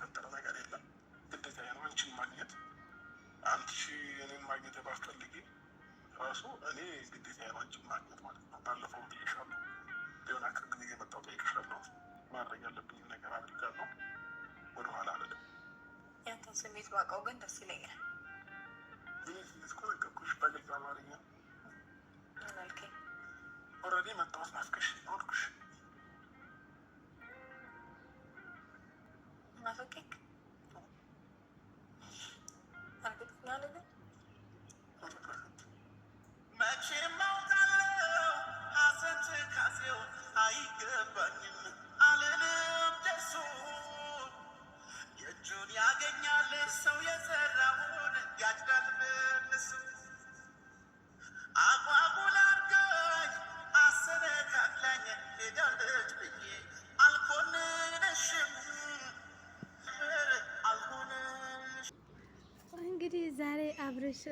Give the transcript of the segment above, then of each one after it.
የተፈጠረ ነገር የለም። ግዴታ ነው አንቺን ማግኘት አንቺ እኔን ማግኘት ባትፈልጊ ራሱ እኔ ግዴታ ነው አንቺን ማግኘት ማለት ነው። ባለፈው ጥይሻለሁ ቢሆን አቅር ጊዜ የመጣው ጠይቅሻለሁ። ማድረግ ያለብኝ ነገር አድርጋለሁ። ወደኋላ አልልም። ያንተን ስሜት ባውቀው ግን ደስ ይለኛል። ይህ ስሜት እኮ ነገርኩሽ በግልጽ አማርኛ ኦልሬዲ መጣሁት ናፍቀሽ ወድኩሽ መፈቀቅ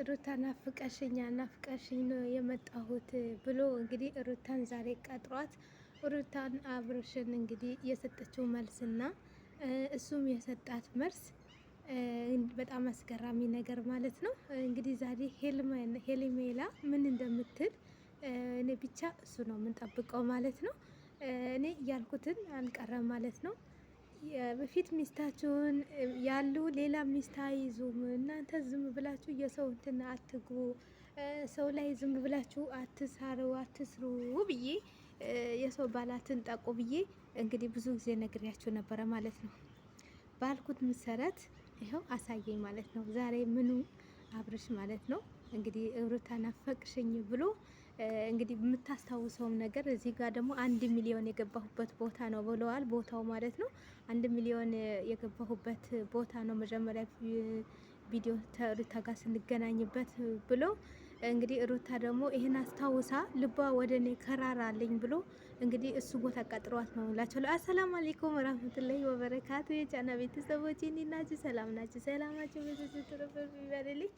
ሩታን ናፍቀሽኛ ናፍቀሽኝ ነው የመጣሁት ብሎ እንግዲህ ሩታን ዛሬ ቀጥሯት ሩታን አብርሽን እንግዲህ የሰጠችው መልስና እሱም የሰጣት መልስ በጣም አስገራሚ ነገር ማለት ነው። እንግዲህ ዛሬ ሄሊሜላ ምን እንደምትል እኔ ብቻ እሱ ነው የምንጠብቀው ማለት ነው። እኔ እያልኩትን አንቀረም ማለት ነው። በፊት ሚስታችሁን ያሉ ሌላ ሚስት አይዙም። እናንተ ዝም ብላችሁ የሰው እንትን አትጉ፣ ሰው ላይ ዝም ብላችሁ አትሳሩ፣ አትስሩ ብዬ የሰው ባላትን ጠቁ ብዬ እንግዲህ ብዙ ጊዜ ነግሬያቸው ነበረ ማለት ነው። ባልኩት መሰረት ይኸው አሳየኝ ማለት ነው። ዛሬ ምኑ አብርሽ ማለት ነው እንግዲህ እብርታ አፈቅሽኝ ብሎ እንግዲህ የምታስታውሰውም ነገር እዚህ ጋር ደግሞ አንድ ሚሊዮን የገባሁበት ቦታ ነው ብለዋል። ቦታው ማለት ነው አንድ ሚሊዮን የገባሁበት ቦታ ነው መጀመሪያ ቪዲዮ ተጋ ስንገናኝበት ብሎ እንግዲህ ሩታ ደግሞ ይሄን አስታውሳ ልቧ ወደ እኔ ከራራልኝ ብሎ እንግዲህ እሱ ቦታ ቀጥሯት ነው ላቸዋለሁ። አሰላሙ አለይኩም ወራህመቱላሂ ወበረካቱ የጫና ቤተሰቦች እንዴት ናችሁ? ሰላም ናችሁ? ሰላማችሁ በተሰጥቶበት ይበልልኝ።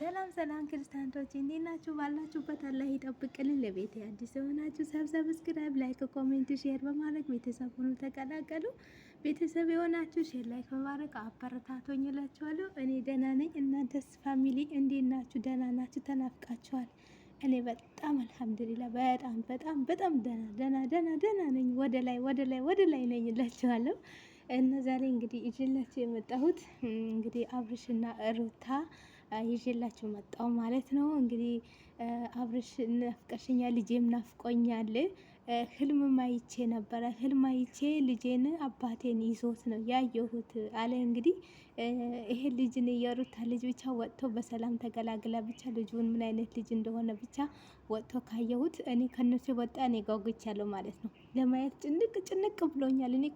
ሰላም ሰላም ክርስቲያኖች እንዴት ናችሁ? ባላችሁበት አላህ ይጠብቅልን። ለቤት አዲስ የሆናችሁ ሰብሰብ፣ ስክራይብ፣ ላይክ፣ ኮሜንት፣ ሼር በማድረግ ቤተሰብ ሁኑ ተቀላቀሉ። ቤተሰብ የሆናችሁ ሼር ላይክ በማድረግ አበረታቶኝ እላችኋለሁ። እኔ ደህና ነኝ። እናንተስ ፋሚሊ እንዴት ናችሁ? ደህና ናችሁ? ተናፍቃችኋል። እኔ በጣም አልሐምዱሊላ በጣም በጣም በጣም ደህና ደህና ደህና ደህና ነኝ። ወደ ላይ ወደ ላይ ወደ ላይ ነኝ እላችኋለሁ። እና ዛሬ እንግዲህ ይዤላችሁ የመጣሁት እንግዲህ አብርሽና ሩታ ይዤላችሁ መጣሁ ማለት ነው። እንግዲህ አብርሽ ናፍቀሽኛል፣ ልጄም ናፍቆኛል ህልም ማይቼ ነበረ። ህልም ማይቼ ልጄን አባቴን ይዞት ነው ያየሁት አለ። እንግዲህ ይሄ ልጅን የሩታ ልጅ ብቻ ወጥቶ በሰላም ተገላግላ ብቻ ልጁን ምን አይነት ልጅ እንደሆነ ብቻ ወጥቶ ካየሁት እኔ ከነሱ የወጣ እኔ ጓጉቻለሁ ማለት ነው። ለማየት ጭንቅ ጭንቅ ብሎኛል እኔ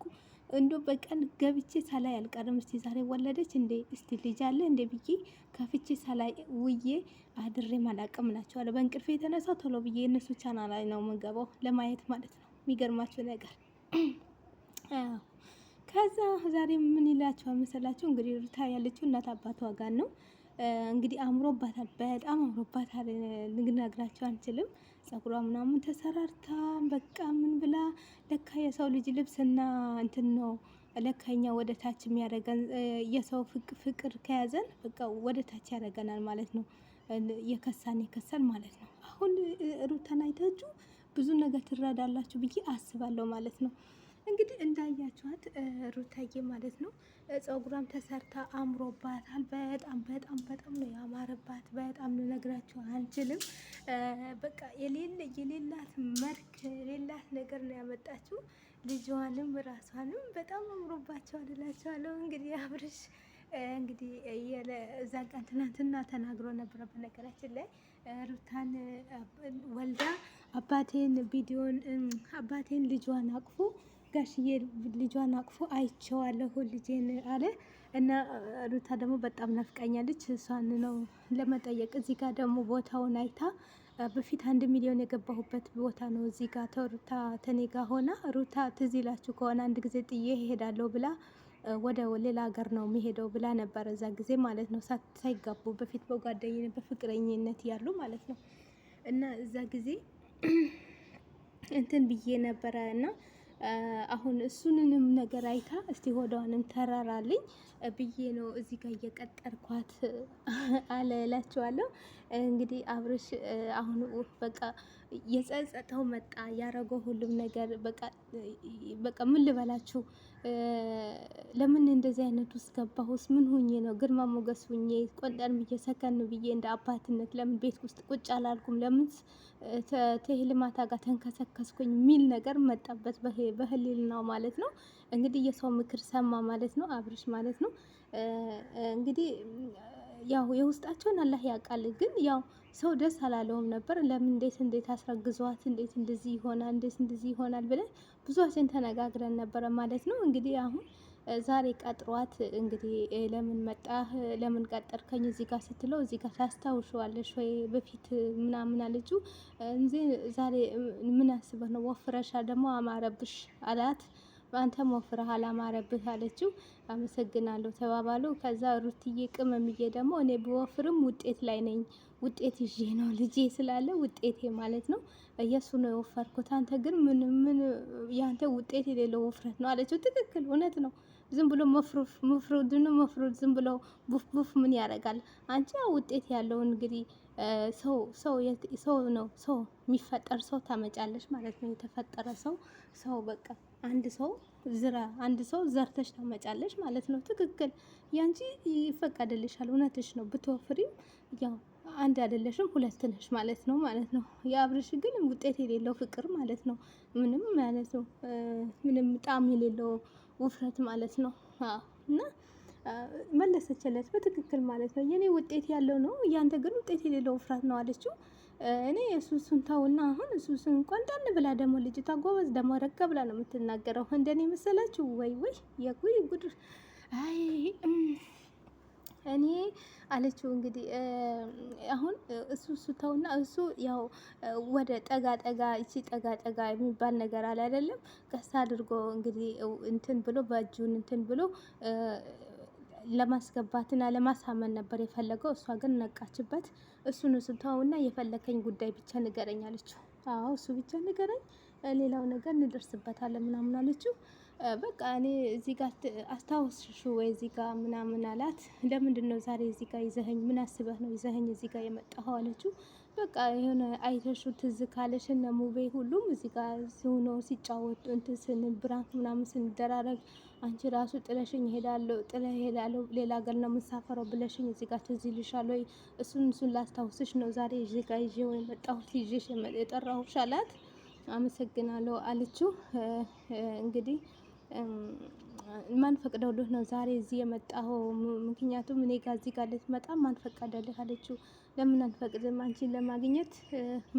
እንዶ በቀን ገብቼ ሳላይ አልቀርም። እስቲ ዛሬ ወለደች እንዴ እስቲ ልጅ አለ እንዴ ብዬ ከፍቼ ሳላይ ውዬ አድሬ ማላቅም አለ። በእንቅልፌ የተነሳ ቶሎ ብዬ እነሱ ቻና ላይ ነው የምንገባው ለማየት ማለት ነው። የሚገርማችሁ ነገር ከዛ ዛሬ ምን ይላቸው መሰላችሁ? እንግዲህ ሩታ ያለችው እናት አባቷ ጋር ነው እንግዲህ አምሮባታል፣ በጣም አምሮባታል። ልንነግራቸው አንችልም። ጸጉሯ ምናምን ተሰራርታ በቃ ምን ብላ ለካ የሰው ልጅ ልብስና እንትን ነው ለካ ወደ ታች የሚያደርገን የሰው ፍቅር ከያዘን በቃ ወደ ታች ያደርገናል ማለት ነው። የከሳን የከሰል ማለት ነው። አሁን ሩታን አይታችሁ ብዙ ነገር ትረዳላችሁ ብዬ አስባለሁ ማለት ነው። እንግዲህ እንዳያችኋት ሩታዬ ማለት ነው ጸጉሯም ተሰርታ አምሮባታል። በጣም በጣም በጣም ነው ያማረባት። በጣም ነው አልችልም። በቃ የሌለ የሌላት መልክ የሌላት ነገር ነው ያመጣችው። ልጅዋንም ራሷንም በጣም አምሮባቸዋል እላቸዋለሁ። እንግዲህ አብርሽ እንግዲህ እዛ ቀን ትናንትና ተናግሮ ነበረ። በነገራችን ላይ ሩታን ወልዳ አባቴን ቪዲዮን አባቴን ልጇን አቅፎ ጋሽዬ ልጇን አቅፎ አይቼዋለሁ ልጄን አለ እና ሩታ ደግሞ በጣም ናፍቃኛለች። እሷን ነው ለመጠየቅ እዚህ ጋር ደግሞ ቦታውን አይታ በፊት አንድ ሚሊዮን የገባሁበት ቦታ ነው። እዚህ ጋር ተሩታ ተኔ ጋር ሆና ሩታ ትዝ ይላችሁ ከሆነ አንድ ጊዜ ጥዬ ይሄዳለሁ ብላ ወደ ሌላ ሀገር ነው የሚሄደው ብላ ነበር እዛ ጊዜ ማለት ነው ሳይጋቡ በፊት በጓደኝነት በፍቅረኝነት ያሉ ማለት ነው እና እዛ ጊዜ እንትን ብዬ ነበረ እና አሁን እሱንንም ነገር አይታ እስቲ ሆዷንም ተራራልኝ ብዬ ነው እዚህ ጋር እየቀጠርኳት አለ እላችኋለሁ። እንግዲህ አብርሽ አሁን በቃ የጸጸተው መጣ ያረገው ሁሉም ነገር በቃ ምን ልበላችሁ፣ ለምን እንደዚህ አይነት ውስጥ ገባሁስ? ምን ሁኜ ነው? ግርማ ሞገስ ሁኜ ቆንጠን ብዬ ሰከን ብዬ እንደ አባትነት ለምን ቤት ውስጥ ቁጭ አላልኩም? ለምን ከህልማታ ጋር ተንከሰከስኩኝ? የሚል ነገር መጣበት በህሊናው ማለት ነው። እንግዲህ የሰው ምክር ሰማ ማለት ነው አብርሽ ማለት ነው እንግዲህ ያው የውስጣቸውን አላህ ያውቃል። ግን ያው ሰው ደስ አላለውም ነበር። ለምን እንዴት እንዴት አስረግዟት እንዴት እንደዚህ ይሆናል እንዴት እንደዚህ ይሆናል ብለን ብዙዎችን ተነጋግረን ነበረ ማለት ነው። እንግዲህ አሁን ዛሬ ቀጥሯት እንግዲህ ለምን መጣህ ለምን ቀጠርከኝ እዚህ ጋር ስትለው እዚህ ጋር ታስታውሸዋለሽ ወይ በፊት ምናምን አለችው። እንዜ ዛሬ ምን አስበህ ነው ወፍረሻ ደግሞ አማረብሽ አላት። በአንተም ወፍረሃል አማረብህ አለችው። አመሰግናለሁ ተባባሉ። ከዛ ሩትዬ ቅመምዬ ደግሞ እኔ ብወፍርም ውጤት ላይ ነኝ ውጤት ይዤ ነው ልጄ ስላለ ውጤቴ ማለት ነው እየሱ ነው የወፈርኩት። አንተ ግን ምን ምን ያንተ ውጤት የሌለው ውፍረት ነው አለችው። ትክክል እውነት ነው። ዝም ብሎ መፍሩፍ መፍሩድ ነው መፍሩድ ዝም ብሎ ቡፍ ቡፍ ምን ያደርጋል? አንቺ ውጤት ያለው እንግዲህ ሰው ሰው ሰው ነው ሰው የሚፈጠር ሰው ታመጫለች ማለት ነው። የተፈጠረ ሰው ሰው በቃ አንድ ሰው ዝራ አንድ ሰው ዘርተሽ ታመጫለሽ ማለት ነው። ትክክል ያንቺ ይፈቀድልሻል። እውነትሽ ነው። ብትወፍሪም ያው አንድ አይደለሽም ሁለት ነሽ ማለት ነው ማለት ነው። የአብርሽ ግን ውጤት የሌለው ፍቅር ማለት ነው። ምንም ማለት ነው ምንም ጣዕም የሌለው ውፍረት ማለት ነው እና መለሰችለት በትክክል ማለት ነው። የኔ ውጤት ያለው ነው ያንተ ግን ውጤት የሌለው ውፍረት ነው አለችው። እኔ የሱሱን ተውና፣ አሁን ሱሱን ቆንጠን ብላ ደግሞ ልጅቷ ጎበዝ ደግሞ ረጋ ብላ ነው የምትናገረው። እንደኔ መሰላችሁ ወይ ወይ የጉይ ጉድ! አይ እኔ አለችው እንግዲህ አሁን እሱ እሱ ተውና፣ እሱ ያው ወደ ጠጋ ጠጋ እቺ ጠጋ ጠጋ የሚባል ነገር አለ አይደለም? ቀስ አድርጎ እንግዲህ እንትን ብሎ በእጁን እንትን ብሎ ለማስገባትና ለማሳመን ነበር የፈለገው። እሷ ግን ነቃችበት። እሱን ስትተውና የፈለከኝ ጉዳይ ብቻ ንገረኝ አለችው። አዎ እሱ ብቻ ንገረኝ፣ ሌላው ነገር እንደርስበታለን ምናምን አለችው። በቃ እኔ እዚህ ጋር አስታውስሽ ወይ እዚህ ጋር ምናምን አላት። ለምንድን ነው ዛሬ እዚህ ጋር ይዘኸኝ? ምን አስበህ ነው ይዘኸኝ እዚህ ጋር የመጣኸው? አለችው በቃ የሆነ አይተሹ ትዝ ካለሽ እነ ሙቤ ሁሉም እዚህ ጋር ሲሆኖ ሲጫወቱ እንትን ስንል ምናምን ስንደራረግ አንቺ ራሱ ጥለሽኝ ይሄዳለሁ ጥለ ይሄዳለሁ ሌላ ሀገር ነው የምሳፈረው ብለሽኝ እዚህ ጋር ትዝ ይልሻል ወይ? እሱን እሱን ላስታውስሽ ነው ዛሬ እዚህ ጋር ይዤ ወይ መጣሁት ይዤሽ የጠራሁሽ አላት። አመሰግናለሁ አለችው። እንግዲህ ማን ፈቅደውልህ ነው ዛሬ እዚህ የመጣኸው? ምክንያቱም እኔ ጋር እዚህ ጋር ልትመጣ ማን ፈቀደልህ አለችው። ለምን አትፈቅድም? አንቺን ለማግኘት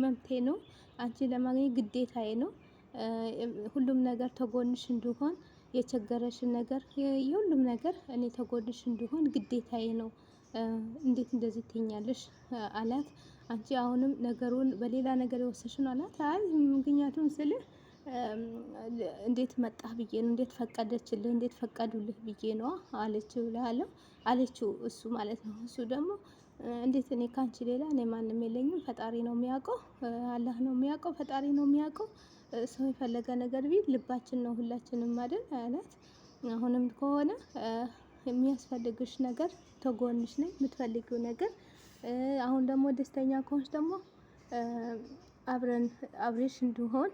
መብቴ ነው። አንቺን ለማግኘት ግዴታዬ ነው። ሁሉም ነገር ተጎንሽ እንድሆን የቸገረሽን ነገር የሁሉም ነገር እኔ ተጎንሽ እንድሆን ግዴታዬ ነው። እንዴት እንደዚህ ትኛለሽ? አላት። አንቺ አሁንም ነገሩን በሌላ ነገር የወሰሽ ነው አላት። አይ ምክንያቱም ስልህ እንዴት መጣህ ብዬ ነው እንዴት ፈቀደችልህ እንዴት ፈቀዱልህ ብዬ ነዋ አለችው ላለው አለችው እሱ ማለት ነው እሱ ደግሞ እንዴት እኔ ካንቺ ሌላ እኔ ማንም የለኝም ፈጣሪ ነው የሚያውቀው አላህ ነው የሚያውቀው ፈጣሪ ነው የሚያውቀው ሰው የፈለገ ነገር ቢል ልባችን ነው ሁላችንም አይደል አላት አሁንም ከሆነ የሚያስፈልግሽ ነገር ተጎንሽ ነኝ የምትፈልጊው ነገር አሁን ደግሞ ደስተኛ ከሆንሽ ደግሞ አብረን አብሬሽ እንድሆን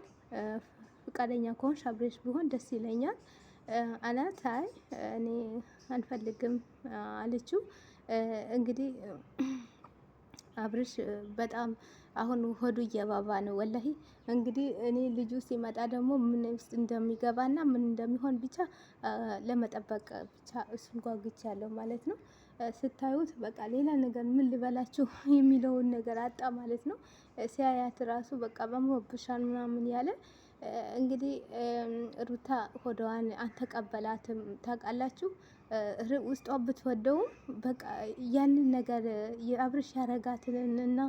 ፈቃደኛ ከሆንሽ አብሬሽ ቢሆን ደስ ይለኛል አላት። አይ እኔ አልፈልግም አለችው። እንግዲህ አብርሽ በጣም አሁን ሆዱ እየባባ ነው ወላሂ። እንግዲህ እኔ ልጁ ሲመጣ ደግሞ ምን ውስጥ እንደሚገባና ምን እንደሚሆን ብቻ ለመጠበቅ ብቻ እሱን ጓጉቻ ያለው ማለት ነው። ስታዩት በቃ ሌላ ነገር ምን ልበላችሁ የሚለውን ነገር አጣ ማለት ነው። ሲያያት ራሱ በቃ በሞብሻን ምናምን ያለ እንግዲህ ሩታ ሆደዋን አልተቀበላትም። ታውቃላችሁ ውስጧ ብትወደውም በቃ ያንን ነገር የአብርሽ ያረጋትን እና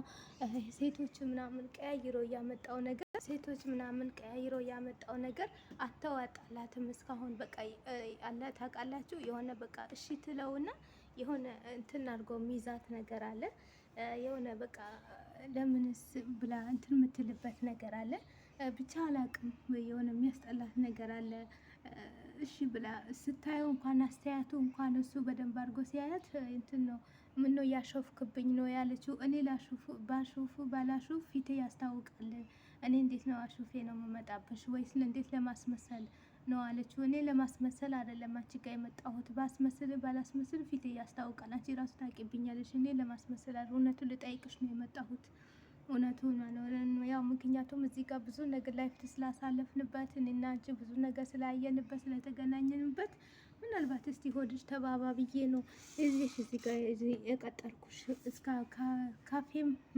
ሴቶች ምናምን ቀያይሮ እያመጣው ነገር ሴቶች ምናምን ቀያይሮ ያመጣው ነገር አተዋጣላትም እስካሁን በቃ አለ። ታውቃላችሁ የሆነ በቃ እሺ ትለውና የሆነ እንትን አድርጎ ሚዛት ነገር አለ። የሆነ በቃ ለምንስ ብላ እንትን የምትልበት ነገር አለ። ብቻ አላቅም የሆነ የሚያስጠላት ነገር አለ። እሺ ብላ ስታየው እንኳን አስተያየቱ እንኳን እሱ በደንብ አድርጎ ሲያያት እንትን ነው ምን ነው ያሾፍክብኝ ነው ያለችው። እኔ ላሹፍ ባላሹፍ ፊቴ ያስታውቃል። እኔ እንዴት ነው አሹፌ ነው የምመጣብሽ ወይስ እንዴት ለማስመሰል ነው አለችው። እኔ ለማስመሰል አይደለም አንቺ ጋር የመጣሁት ባስመስል ባላስመስል ፊቴ ያስታውቃል። አንቺ ራሱ ታውቂብኛለሽ። እኔ ለማስመሰል እውነቱን ልጠይቅሽ ነው የመጣሁት እውነቱን መኖርን ያው ምክንያቱም እዚህ ጋር ብዙ ነገር ላይፍ ስላሳለፍንበት እኔና አንቺ ብዙ ነገር ስላየንበት ስለተገናኘንበት ምናልባት እስቲ ሆድሽ ተባባ ብዬ ነው እዚህ እዚህ ጋር የቀጠርኩሽ። እስከ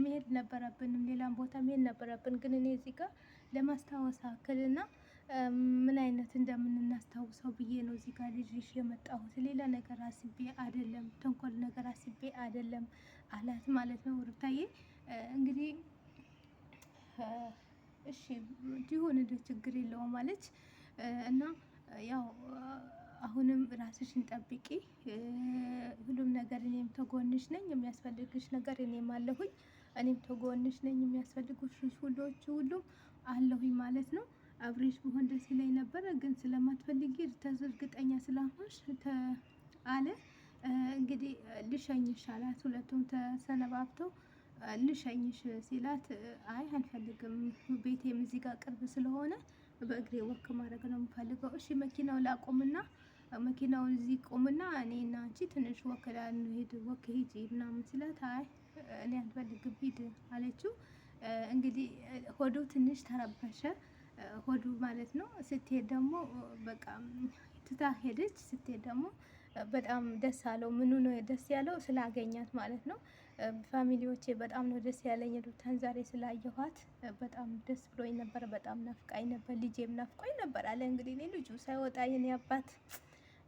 መሄድ ነበረብንም ሌላም ቦታ መሄድ ነበረብን፣ ግን እኔ እዚህ ጋር ለማስታወስ አክልና ምን አይነት እንደምናስታውሰው ብዬ ነው እዚህ ጋር ልጅሽ የመጣሁት። ሌላ ነገር አስቤ አይደለም፣ ተንኮል ነገር አስቤ አይደለም አላት ማለት ነው ሩታዬ። እሺ ይሁን እንደ ችግር የለውም አለች እና ያው አሁንም ራስሽን ጠብቂ፣ ሁሉም ነገር እኔም ተጎንሽ ነኝ፣ የሚያስፈልግሽ ነገር እኔም አለሁኝ፣ እኔም ተጎንሽ ነኝ፣ የሚያስፈልጉሽ ሁሎች ሁሉም አለሁኝ ማለት ነው። አብሬሽ ብሆን ደስ ይለኝ ነበረ፣ ግን ስለማትፈልጊ እርግጠኛ ስላልሆንሽ አለ። እንግዲህ ልሸኝሽ አላት። ሁለቱም ተሰነባብተው ልሸኝሽ ሲላት አይ አልፈልግም፣ ቤቴም እዚህ ጋር ቅርብ ስለሆነ በእግሬ ወክ ማድረግ ነው የምፈልገው። እሺ መኪናው ላቆምና መኪናው እዚህ ቆምና እኔ እና አንቺ ትንሽ ወክ ሄድ ወክ ሂጂ ምናምን ሲላት አይ እኔ አልፈልግም ሂድ አለችው። እንግዲህ ሆዶ ትንሽ ተረበሸ። ሆዱ ማለት ነው። ስትሄድ ደግሞ በቃ ትታ ሄደች። ስትሄድ ደግሞ በጣም ደስ አለው። ምኑ ነው ደስ ያለው? ስላገኛት ማለት ነው። ፋሚሊዎቼ በጣም ነው ደስ ያለኝ። ሩታን ዛሬ ስላየኋት በጣም ደስ ብሎኝ ነበር። በጣም ናፍቃኝ ነበር። ልጄም ናፍቆኝ ነበር አለ እንግዲህ እኔ ልጁ ሳይወጣ የኔ አባት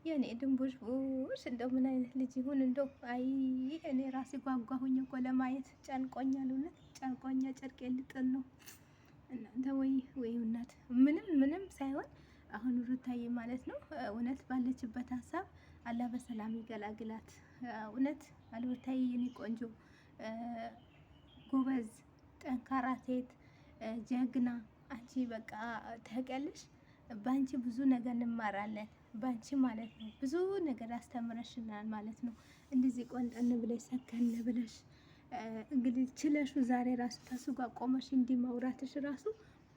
የኔ ድንቡሽቡሽ እንደው ምን አይነት ልጅ ይሁን እንደው አይ እኔ ራሴ ጓጓሁኝ እኮ ለማየት ጨንቆኛል። እውነት ጨንቆኛ ጨርቅ ልጥል ነው እናንተ ወይ ወይ እናት ምንም ምንም ሳይሆን አሁን ሩታዬ ማለት ነው እውነት ባለችበት ሀሳብ አላ በሰላም ይገላግላት። እውነት ሩታዬ የኔ ቆንጆ ጎበዝ፣ ጠንካራ ሴት፣ ጀግና አንቺ በቃ ታውቂያለሽ። በአንቺ ብዙ ነገር እንማራለን። በአንቺ ማለት ነው ብዙ ነገር አስተምረሽናል ማለት ነው። እንደዚህ ቆንጠን ብለሽ ሰከን ብለሽ እንግዲህ ችለሹ ዛሬ ራሱ ከሱ ጋር ቆመሽ እንዲህ መውራትሽ ራሱ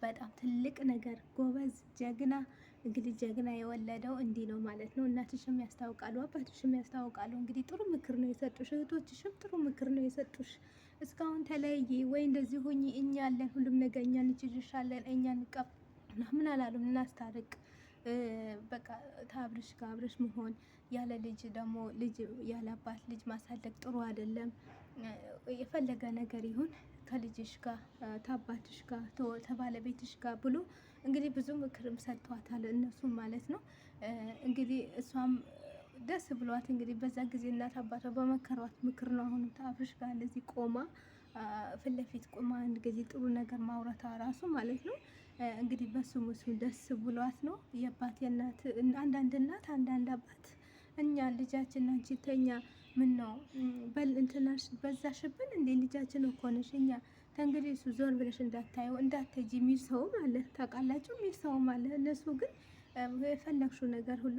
በጣም ትልቅ ነገር ጎበዝ፣ ጀግና። እንግዲህ ጀግና የወለደው እንዲህ ነው ማለት ነው። እናትሽም ያስታውቃሉ፣ አባትሽም ያስታውቃሉ። እንግዲህ ጥሩ ምክር ነው የሰጡሽ፣ እህቶችሽም ጥሩ ምክር ነው የሰጡሽ። እስካሁን ተለያየ ወይ እንደዚህ ሁኚ፣ እኛ ያለን ሁሉም ነገር እኛ እንችልሻለን፣ እኛ እንቀፍ ምናምን አላሉም። እናስታርቅ በቃ ታብርሽ ጋር መሆን ያለ ልጅ ደግሞ ልጅ ያለ አባት ልጅ ማሳደግ ጥሩ አይደለም። የፈለገ ነገር ይሁን ከልጅሽ ጋር ከአባትሽ ጋር ከባለቤትሽ ጋር ብሎ እንግዲህ ብዙ ምክርም ሰጥቷታል፣ እነሱም ማለት ነው። እንግዲህ እሷም ደስ ብሏት እንግዲህ በዛ ጊዜ እናት አባቷ በመከሯት ምክር ነው አሁንም አብርሽ ጋር እንደዚህ ቆማ ፊት ለፊት ቆማ አንድ ጊዜ ጥሩ ነገር ማውራቷ ራሱ ማለት ነው እንግዲህ በሱ ምሱ ደስ ብሏት ነው የአባት የእናት አንዳንድ እናት አንዳንድ አባት እኛ ልጃችን አንቺ ተኛ ምን ነው በዛሽብን እንዴ? ልጃችን እኮ ነሽ። እኛ ከእንግዲህ እሱ ዞር ብለሽ እንዳታየው እንዳትሄጂ የሚል ሰውም አለ፣ ታውቃላችሁ፣ የሚል ሰውም አለ። እነሱ ግን የፈለግሽው ነገር ሁሉ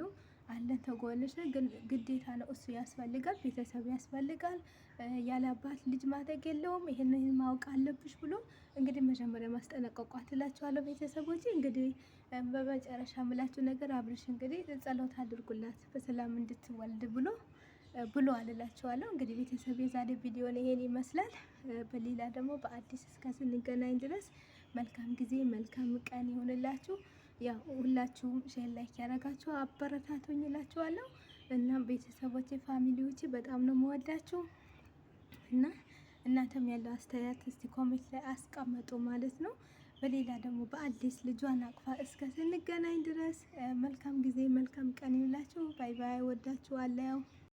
አለ ተጎንሽ። ግን ግዴታ ነው እሱ ያስፈልጋል፣ ቤተሰብ ያስፈልጋል። ያለ አባት ልጅ ማደግ የለውም። ይህን ማወቅ አለብሽ ብሎ እንግዲህ መጀመሪያ ማስጠነቀቋት ትላችኋለሁ ቤተሰቦች። እንግዲህ በመጨረሻ የምላችሁ ነገር አብርሽ እንግዲህ ጸሎት አድርጉላት በሰላም እንድትወልድ ብሎ ብሎ አልላችኋለሁ። እንግዲህ ቤተሰብ የዛሬ ቪዲዮን ይሄን ይመስላል። በሌላ ደግሞ በአዲስ እስከ ስንገናኝ ድረስ መልካም ጊዜ መልካም ቀን ይሆንላችሁ። ያው ሁላችሁም ሼር ላይክ ያደረጋችሁ አበረታቱኝ እላችኋለሁ። እናም ቤተሰቦቼ ፋሚሊዎቼ በጣም ነው መወዳችሁ እና እናንተም ያለው አስተያየት እስቲ ኮሜንት ላይ አስቀምጡ ማለት ነው። በሌላ ደግሞ በአዲስ ልጇን አቅፋ እስከ ስንገናኝ ድረስ መልካም ጊዜ መልካም ቀን ይሁንላችሁ። ባይ ባይ። ወዳችኋለሁ።